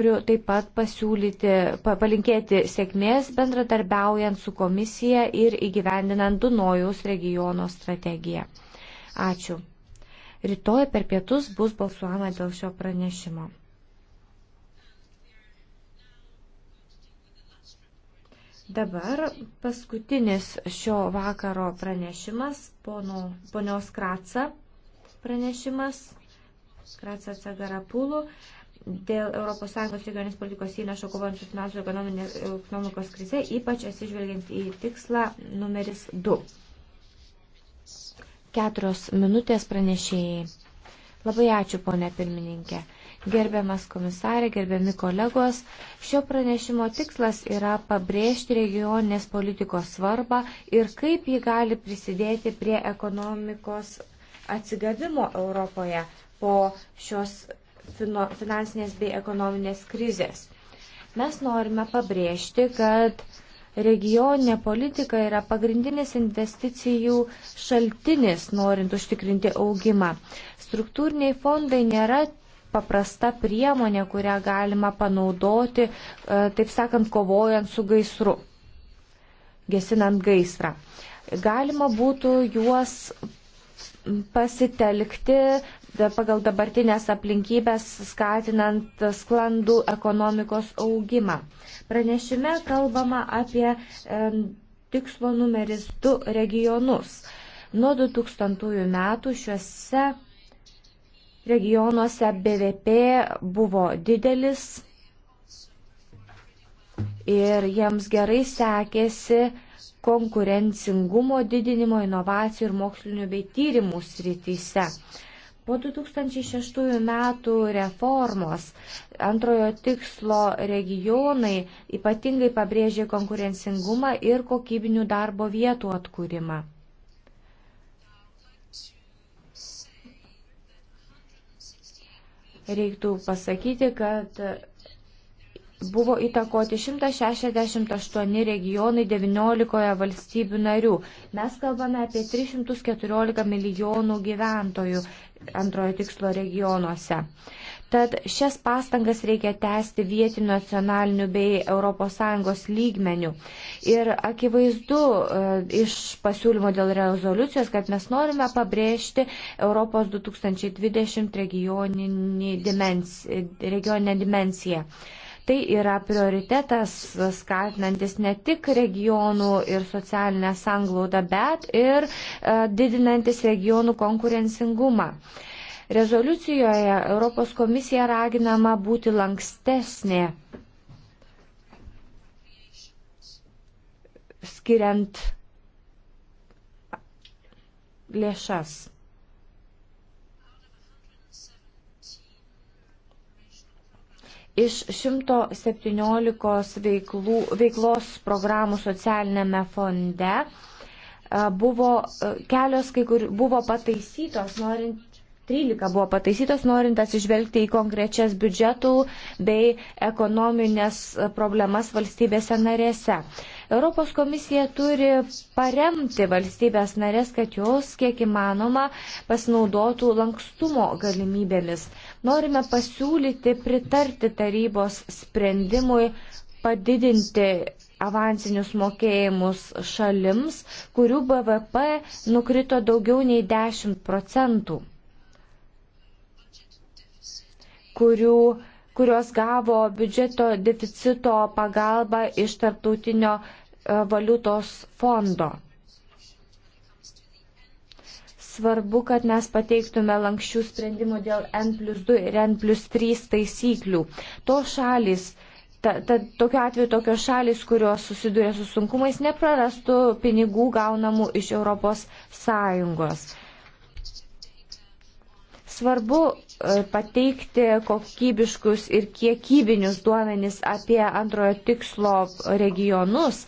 Noriu taip pat pasiūlyti, palinkėti sėkmės bendradarbiaujant su komisija ir įgyvendinant Dunojus regiono strategiją. Ačiū. Rytoj per pietus bus balsuojama dėl šio pranešimo. Dabar paskutinis šio vakaro pranešimas, pono, ponios Kratsa pranešimas, Kratsa Cegarapulų dėl ES regioninės politikos įnašo kovojant su finansų ir ekonomikos krize, ypač atsižvelgiant į tikslą numeris 2. Keturios minutės pranešėjai. Labai ačiū, ponė pirmininkė. Gerbiamas komisarė, gerbiami kolegos, šio pranešimo tikslas yra pabrėžti regioninės politikos svarbą ir kaip ji gali prisidėti prie ekonomikos atsigavimo Europoje po šios finansinės bei ekonominės krizės. Mes norime pabrėžti, kad regioninė politika yra pagrindinis investicijų šaltinis, norint užtikrinti augimą. Struktūriniai fondai nėra paprasta priemonė, kurią galima panaudoti, e, taip sakant, kovojant su gaisru, gesinant gaisrą. Galima būtų juos pasitelkti pagal dabartinės aplinkybės skatinant sklandų ekonomikos augimą. Pranešime kalbama apie tikslo numeris 2 regionus. Nuo 2000 metų šiuose regionuose BVP buvo didelis ir jiems gerai sekėsi konkurencingumo didinimo, inovacijų ir mokslinių bei tyrimų srityse. Po 2006 metų reformos antrojo tikslo regionai ypatingai pabrėžė konkurencingumą ir kokybinių darbo vietų atkūrimą. Reiktų pasakyti, kad buvo įtakoti 168 regionai 19 valstybių narių. Mes kalbame apie 314 milijonų gyventojų antrojo tikslo regionuose. Tad šias pastangas reikia tęsti vietinių, nacionalinių bei ES lygmenių. Ir akivaizdu e, iš pasiūlymo dėl rezoliucijos, kad mes norime pabrėžti Europos 2020 regioninį dimens, regioninę dimensiją. Tai yra prioritetas skatinantis ne tik regionų ir socialinę sanglaudą, bet ir e, didinantis regionų konkurencingumą. Rezoliucijoje Europos komisija raginama būti lankstesnė, skiriant lėšas. Iš 117 veiklų, veiklos programų socialinėme fonde e, buvo e, kelios, kai kur buvo pataisytos, norint 13 buvo pataisytos, norint atsižvelgti į konkrečias biudžetų bei ekonominės problemas valstybėse narėse. Europos komisija turi paremti valstybės narės, kad jos kiek įmanoma pasinaudotų lankstumo galimybėmis. Norime pasiūlyti pritarti tarybos sprendimui padidinti avansinius mokėjimus šalims, kurių BVP nukrito daugiau nei 10 procentų kurių, kurios gavo biudžeto deficito pagalbą iš tarptautinio e, valiutos fondo. Svarbu, kad mes pateiktume lankščių sprendimų dėl N plus 2 ir N plus 3 taisyklių. To šalis, ta, ta, tokiu atveju tokios šalis, kurios susiduria su sunkumais, neprarastų pinigų gaunamų iš Europos Sąjungos. Svarbu e, pateikti kokybiškus ir kiekybinius duomenys apie antrojo tikslo regionus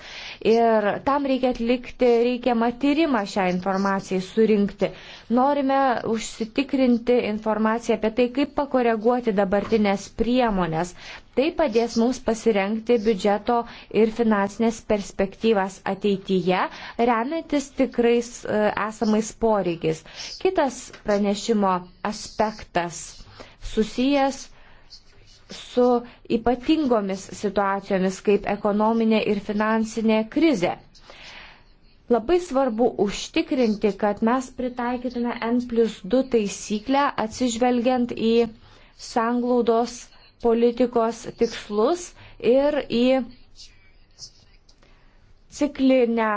ir tam reikia atlikti reikiamą tyrimą šią informaciją surinkti. Norime užsitikrinti informaciją apie tai, kaip pakoreguoti dabartinės priemonės. Tai padės mums pasirenkti biudžeto ir finansinės perspektyvas ateityje, remiantis tikrais e, esamais poreikiais. Kitas pranešimo aspektas susijęs su ypatingomis situacijomis kaip ekonominė ir finansinė krizė. Labai svarbu užtikrinti, kad mes pritaikytume N plus 2 taisyklę atsižvelgiant į sanglaudos politikos tikslus ir į ciklinę,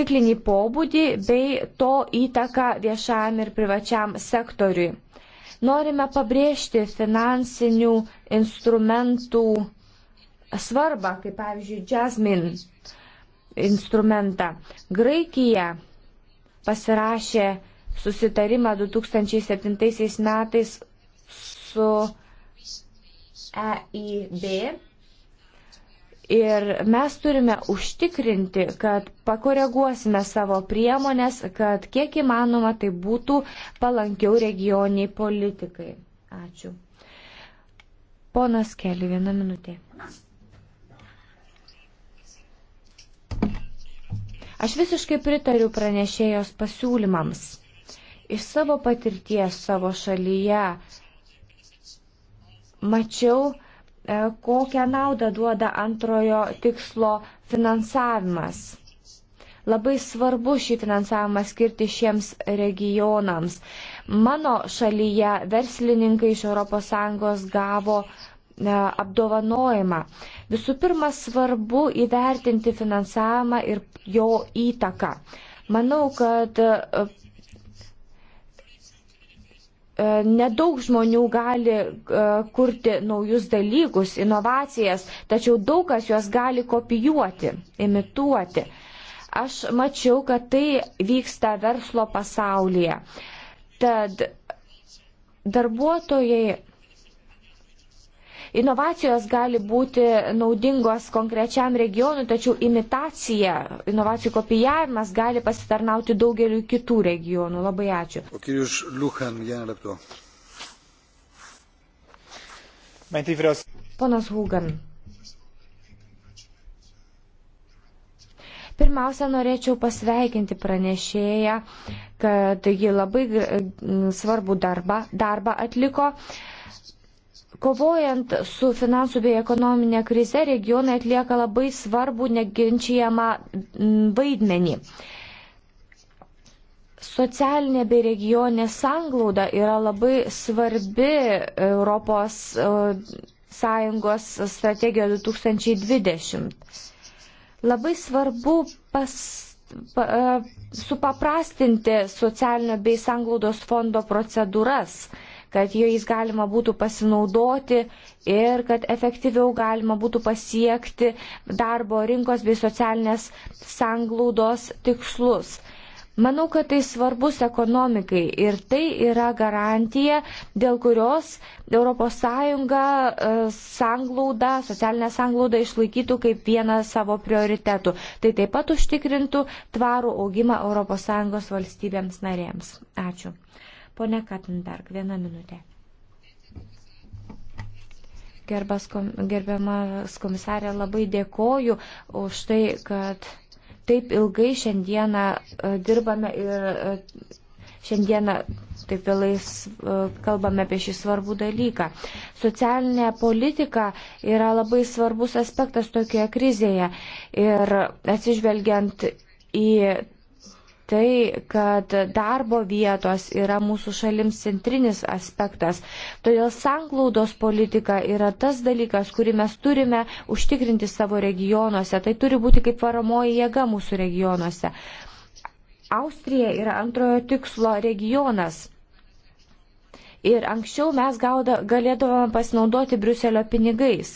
ciklinį pobūdį bei to įtaką viešajam ir privačiam sektoriui. Norime pabrėžti finansinių instrumentų svarbą, kaip pavyzdžiui, Jasmine instrumentą. Graikija pasirašė susitarimą 2007 metais su EIB Ir mes turime užtikrinti, kad pakoreguosime savo priemonės, kad kiek įmanoma tai būtų palankiau regioniai politikai. Ačiū. Ponas Keli, vieną minutę. Aš visiškai pritariu pranešėjos pasiūlymams. Iš savo patirties savo šalyje mačiau, E, kokią naudą duoda antrojo tikslo finansavimas. Labai svarbu šį finansavimą skirti šiems regionams. Mano šalyje verslininkai iš ES gavo e, apdovanojimą. Visų pirma, svarbu įvertinti finansavimą ir jo įtaką. Manau, kad e, E, nedaug žmonių gali e, kurti naujus dalykus, inovacijas, tačiau daug kas juos gali kopijuoti, imituoti. Aš mačiau, kad tai vyksta verslo pasaulyje. Tad darbuotojai Inovacijos gali būti naudingos konkrečiam regionui, tačiau imitacija, inovacijų kopijavimas gali pasitarnauti daugeliu kitų regionų. Labai ačiū. O kirius Luhan, vieną lepto. Ponas Hugan. Pirmiausia, norėčiau pasveikinti pranešėją, kad ji labai svarbų darbą, darbą atliko. Uh, Kovojant su finansų bei ekonominė krize, regionai atlieka labai svarbų neginčiamą vaidmenį. Socialinė bei regioninė sanglauda yra labai svarbi Europos e, Sąjungos strategijoje 2020. Labai svarbu pas, pa, e, supaprastinti socialinio bei sanglaudos fondo procedūras kad jais galima būtų pasinaudoti ir kad efektyviau galima būtų pasiekti darbo rinkos bei socialinės sanglaudos tikslus. Manau, kad tai svarbus ekonomikai ir tai yra garantija, dėl kurios ES e, sanglaudą, socialinę sanglaudą išlaikytų kaip vieną savo prioritetų. Tai taip pat užtikrintų tvarų augimą ES valstybėms narėms. Ačiū. Pone Katenberg, vieną minutę. Gerbas, gerbiamas komisarė, labai dėkoju už tai, kad taip ilgai šiandieną e, dirbame ir e, šiandieną taip vėlai e, kalbame apie šį svarbų dalyką. Socialinė politika yra labai svarbus aspektas tokioje krizėje ir atsižvelgiant į tai, kad darbo vietos yra mūsų šalims centrinis aspektas. Todėl sanglaudos politika yra tas dalykas, kurį mes turime užtikrinti savo regionuose. Tai turi būti kaip varomoji jėga mūsų regionuose. Austrija yra antrojo tikslo regionas. Ir anksčiau mes gauda, galėdavome pasinaudoti Briuselio pinigais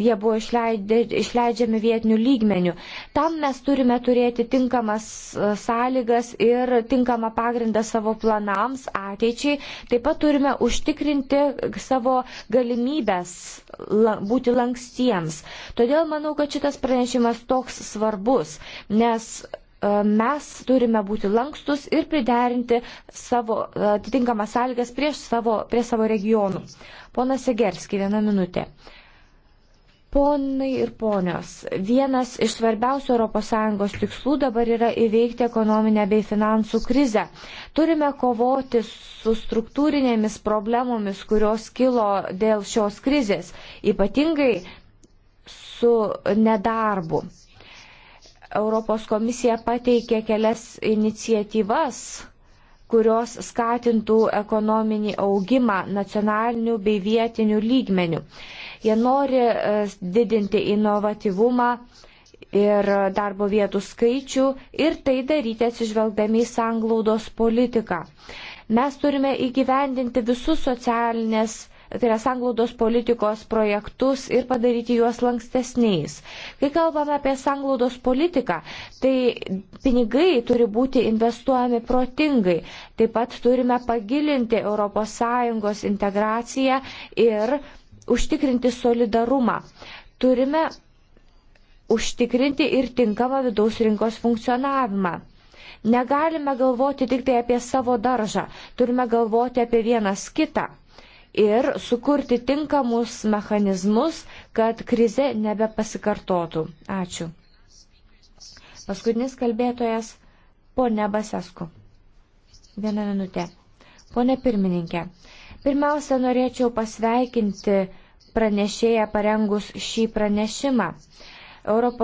jie buvo išleidė, išleidžiami vietinių lygmenių. Tam mes turime turėti tinkamas e, sąlygas ir tinkamą pagrindą savo planams ateičiai. Taip pat turime užtikrinti savo galimybės būti lankstiems. Todėl manau, kad šitas pranešimas toks svarbus, nes e, mes turime būti lankstus ir priderinti savo e, atitinkamas sąlygas prieš savo, prie savo regionų. Ponas Segerski, viena minutė. Uh, Ponai ir ponios, vienas iš svarbiausių ES tikslų dabar yra įveikti ekonominę bei finansų krizę. Turime kovoti su struktūrinėmis problemomis, kurios kilo dėl šios krizės, ypatingai su nedarbu. Europos komisija pateikė kelias iniciatyvas kurios skatintų ekonominį augimą nacionalinių bei vietinių lygmenių. Jie nori e, didinti inovatyvumą ir darbo vietų skaičių ir tai daryti atsižvelgdami į sanglaudos politiką. Mes turime įgyvendinti visus socialinės tai yra sanglaudos politikos projektus ir padaryti juos lankstesniais. Kai kalbame apie sanglaudos politiką, tai pinigai turi būti investuojami protingai. Taip pat turime pagilinti ES integraciją ir užtikrinti solidarumą. Turime užtikrinti ir tinkamą vidaus rinkos funkcionavimą. Negalime galvoti tik tai apie savo daržą, turime galvoti apie vienas kitą ir sukurti tinkamus mechanizmus, kad krize nebepasikartotų. Ačiū. Paskutinis kalbėtojas - ponė Basesku. Vieną minutę. Pone pirmininkė, pirmiausia norėčiau pasveikinti pranešėja parengus šį pranešimą.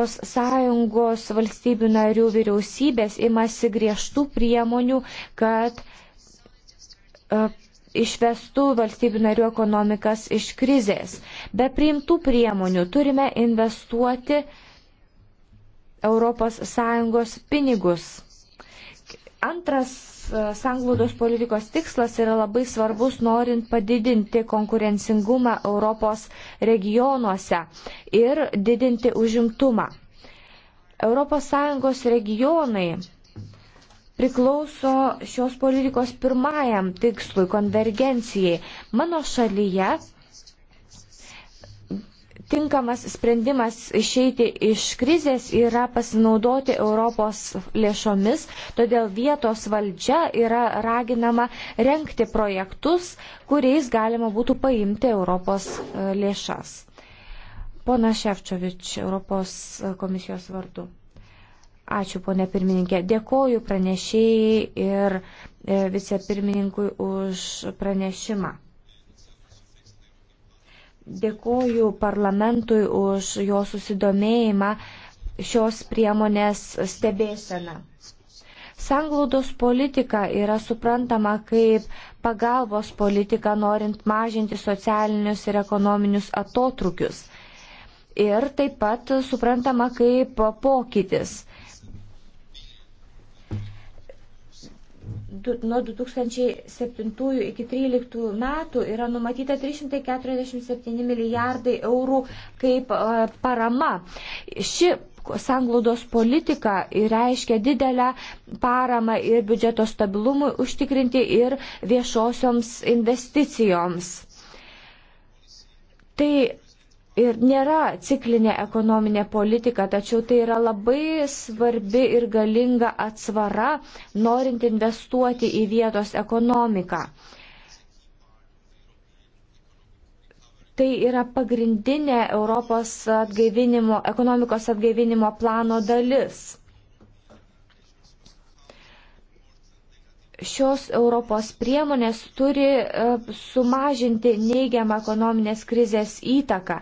ES valstybių narių vyriausybės imasi griežtų priemonių, kad e, išvestų valstybių narių ekonomikas iš krizės. Be priimtų priemonių turime investuoti ES pinigus. Antras E, sanglaudos politikos tikslas yra labai svarbus, norint padidinti konkurencingumą Europos regionuose ir didinti užimtumą. ES regionai priklauso šios politikos pirmajam tikslui - konvergencijai. Mano šalyje tinkamas sprendimas išeiti iš krizės yra pasinaudoti Europos lėšomis, todėl vietos valdžia yra raginama renkti projektus, kuriais galima būtų paimti Europos e, lėšas. Pona Ševčiovič, Europos komisijos vardu. Ačiū, ponė pirmininkė. Dėkoju pranešėjai ir e, vicepirmininkui už pranešimą. Dėkoju parlamentui už jo susidomėjimą šios priemonės stebėseną. Sanglaudos politika yra suprantama kaip pagalbos politika norint mažinti socialinius ir ekonominius atotrukius. Ir taip pat suprantama kaip pokytis. nuo 2007 iki 2013 metų yra numatyta 347 milijardai eurų kaip e, parama. Ši sanglaudos politika reiškia didelę paramą ir biudžeto stabilumui užtikrinti ir viešosioms investicijoms. Tai ir nėra ciklinė ekonominė politika, tačiau tai yra labai svarbi ir galinga atsvara, norint investuoti į vietos ekonomiką. Tai yra pagrindinė Europos atgaivinimo, ekonomikos atgaivinimo plano dalis. šios Europos priemonės turi e, sumažinti neigiamą ekonominės krizės įtaką.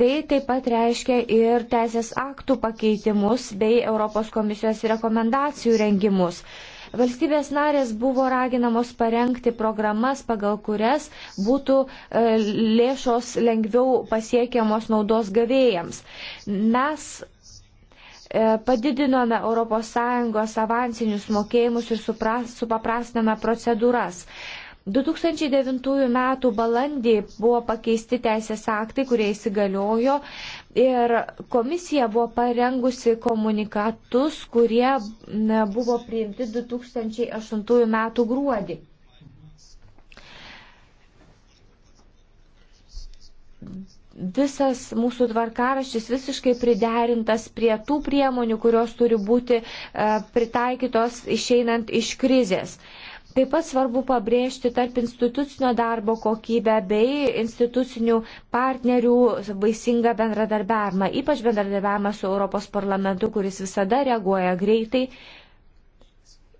Tai taip pat reiškia ir teisės aktų pakeitimus bei Europos komisijos rekomendacijų rengimus. Valstybės narės buvo raginamos parengti programas, pagal kurias būtų e, lėšos lengviau pasiekiamos naudos gavėjams. Mes E, padidinome ES avansinius mokėjimus ir supaprastiname procedūras. 2009 m. balandį buvo pakeisti teisės aktai, kurie įsigaliojo ir komisija buvo parengusi komunikatus, kurie buvo priimti 2008 m. gruodį visas mūsų tvarkaraštis visiškai priderintas prie tų priemonių, kurios turi būti e, pritaikytos išeinant iš krizės. Taip pat svarbu pabrėžti tarp institucinio darbo kokybę bei institucinių partnerių vaisingą bendradarbiavimą, ypač bendradarbiavimą su Europos parlamentu, kuris visada reaguoja greitai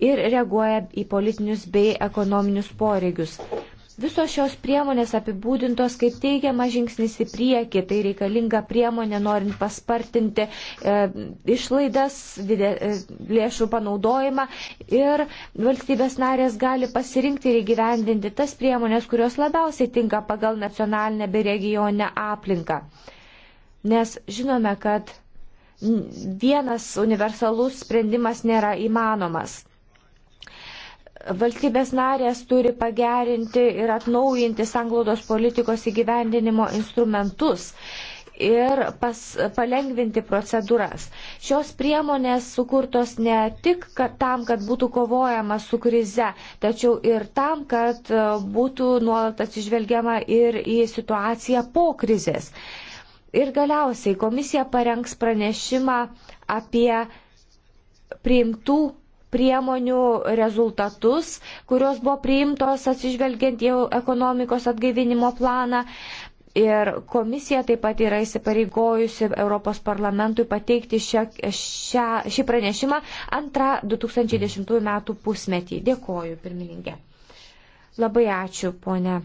ir reaguoja į politinius bei ekonominius poreigius. Visos šios priemonės apibūdintos kaip teigiamas žingsnis į priekį, tai reikalinga priemonė norint paspartinti e, išlaidas, didė, e, lėšų panaudojimą ir valstybės narės gali pasirinkti ir įgyvendinti tas priemonės, kurios labiausiai tinka pagal nacionalinę bei regioninę aplinką. Nes žinome, kad vienas universalus sprendimas nėra įmanomas. Valstybės narės turi pagerinti ir atnaujinti sanglaudos politikos įgyvendinimo instrumentus ir pas, palengvinti procedūras. Šios priemonės sukurtos ne tik kad tam, kad būtų kovojama su krize, tačiau ir tam, kad e, būtų nuolat atsižvelgiama ir į situaciją po krizės. Ir galiausiai komisija parengs pranešimą apie priimtų priemonių rezultatus, kurios buvo priimtos atsižvelgiant jau ekonomikos atgaivinimo planą. Ir komisija taip pat yra įsipareigojusi Europos parlamentui pateikti šią, šią, šį pranešimą antrą 2010 metų pusmetį. Dėkoju, pirmininkė. Labai ačiū, ponė e,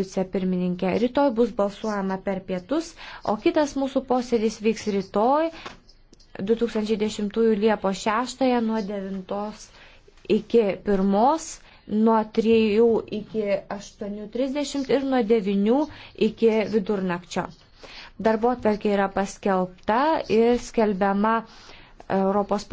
vicepirmininkė. Rytoj bus balsuojama per pietus, o kitas mūsų posėdis vyks rytoj 2010 Liepo 6 nuo 9 iki 1, nuo 3 iki 8.30 ir nuo 9 iki vidurnakčio. Darbo atverkė yra paskelbta ir skelbiama Europos